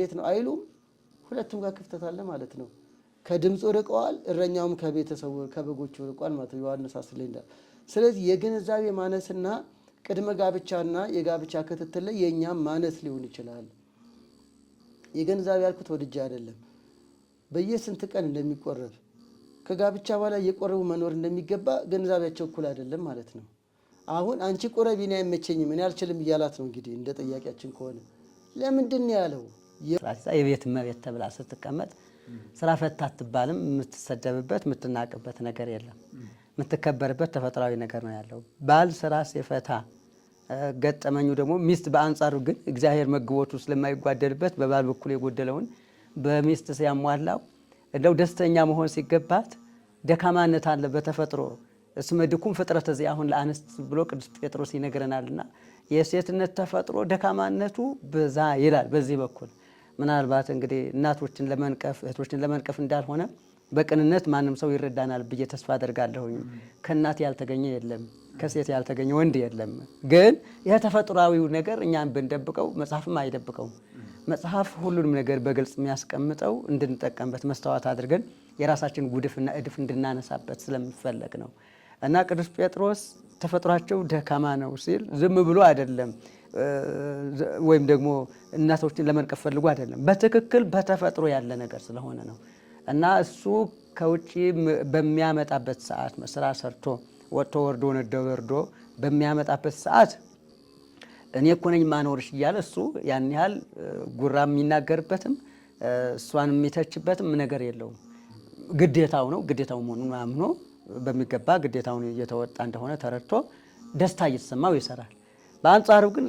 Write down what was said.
እንዴት ነው አይሉም። ሁለቱም ጋር ክፍተት አለ ማለት ነው። ከድምፁ ርቀዋል፣ እረኛውም ከቤተሰቡ ከበጎቹ ርቋል ማለት ነው። ዮሐንስ አስር ስለዚህ የግንዛቤ ማነስና ቅድመ ጋብቻና የጋብቻ ክትትል ላይ የእኛም ማነስ ሊሆን ይችላል። የግንዛቤ ያልኩት ወድጄ አይደለም። በየስንት ቀን እንደሚቆረብ ከጋብቻ በኋላ እየቆረቡ መኖር እንደሚገባ ግንዛቤያቸው እኩል አይደለም ማለት ነው። አሁን አንቺ ቁረቢ፣ እኔ አይመቸኝም፣ እኔ አልችልም እያላት ነው እንግዲህ እንደ ጠያቂያችን ከሆነ ለምንድን ነው ያለው? የቤት እመቤት ተብላ ስትቀመጥ ስራ ፈታ አትባልም። የምትሰደብበት የምትናቅበት ነገር የለም። የምትከበርበት ተፈጥሯዊ ነገር ነው ያለው። ባል ስራ ሲፈታ ገጠመኙ ደግሞ ሚስት በአንጻሩ ግን እግዚአብሔር መግቦቱ ስለማይጓደልበት በባል በኩል የጎደለውን በሚስት ሲያሟላው እንደው ደስተኛ መሆን ሲገባት ደካማነት አለ በተፈጥሮ እስመ ድኩም ፍጥረት እዚህ አሁን ለአንስት ብሎ ቅዱስ ጴጥሮስ ይነግረናልና የሴትነት ተፈጥሮ ደካማነቱ በዛ ይላል በዚህ በኩል ምናልባት እንግዲህ እናቶችን ለመንቀፍ እህቶችን ለመንቀፍ እንዳልሆነ በቅንነት ማንም ሰው ይረዳናል ብዬ ተስፋ አደርጋለሁኝ። ከእናት ያልተገኘ የለም፣ ከሴት ያልተገኘ ወንድ የለም። ግን ይህ ተፈጥሯዊው ነገር እኛን ብንደብቀው መጽሐፍም አይደብቀውም። መጽሐፍ ሁሉንም ነገር በግልጽ የሚያስቀምጠው እንድንጠቀምበት መስታወት አድርገን የራሳችን ጉድፍና እድፍ እንድናነሳበት ስለሚፈለግ ነው እና ቅዱስ ጴጥሮስ ተፈጥሯቸው ደካማ ነው ሲል ዝም ብሎ አይደለም፣ ወይም ደግሞ እናቶችን ለመንቀፍ ፈልጎ አይደለም። በትክክል በተፈጥሮ ያለ ነገር ስለሆነ ነው እና እሱ ከውጭ በሚያመጣበት ሰዓት ስራ ሰርቶ ወጥቶ ወርዶ ነደ ወርዶ በሚያመጣበት ሰዓት እኔ እኮ ነኝ ማኖርሽ እያለ እሱ ያን ያህል ጉራ የሚናገርበትም እሷን የሚተችበትም ነገር የለውም። ግዴታው ነው። ግዴታው መሆኑን አምኖ በሚገባ ግዴታውን እየተወጣ እንደሆነ ተረድቶ ደስታ እየተሰማው ይሰራል። በአንጻሩ ግን